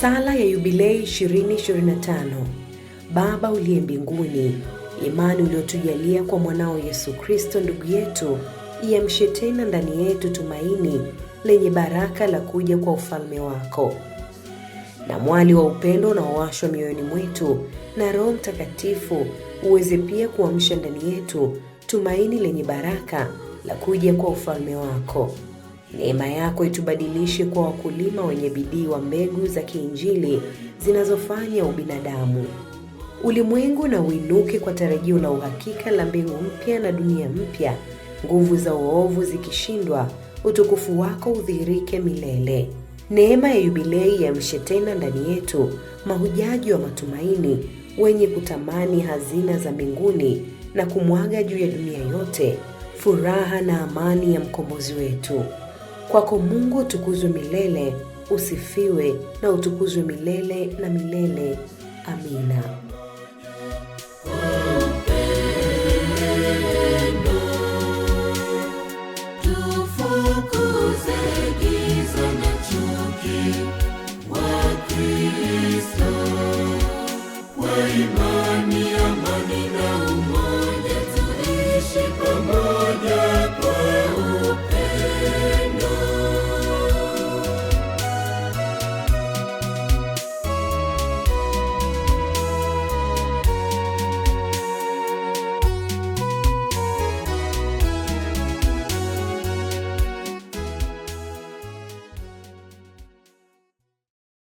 Sala ya Yubilei 2025 Baba uliye mbinguni, imani uliotujalia kwa mwanao Yesu Kristo ndugu yetu iamshe tena ndani yetu tumaini lenye baraka la kuja kwa ufalme wako, na mwali wa upendo unaowashwa mioyoni mwetu na Roho Mtakatifu uweze pia kuamsha ndani yetu tumaini lenye baraka la kuja kwa ufalme wako. Neema yako itubadilishe kwa wakulima wenye bidii wa mbegu za kiinjili zinazofanya ubinadamu. Ulimwengu na uinuke kwa tarajio la uhakika la mbingu mpya na dunia mpya, nguvu za uovu zikishindwa, utukufu wako udhihirike milele. Neema ya Yubilei iamshe tena ndani yetu mahujaji wa matumaini wenye kutamani hazina za mbinguni na kumwaga juu ya dunia yote furaha na amani ya mkombozi wetu. Kwako Mungu utukuzwe milele, usifiwe na utukuzwe milele na milele. Amina.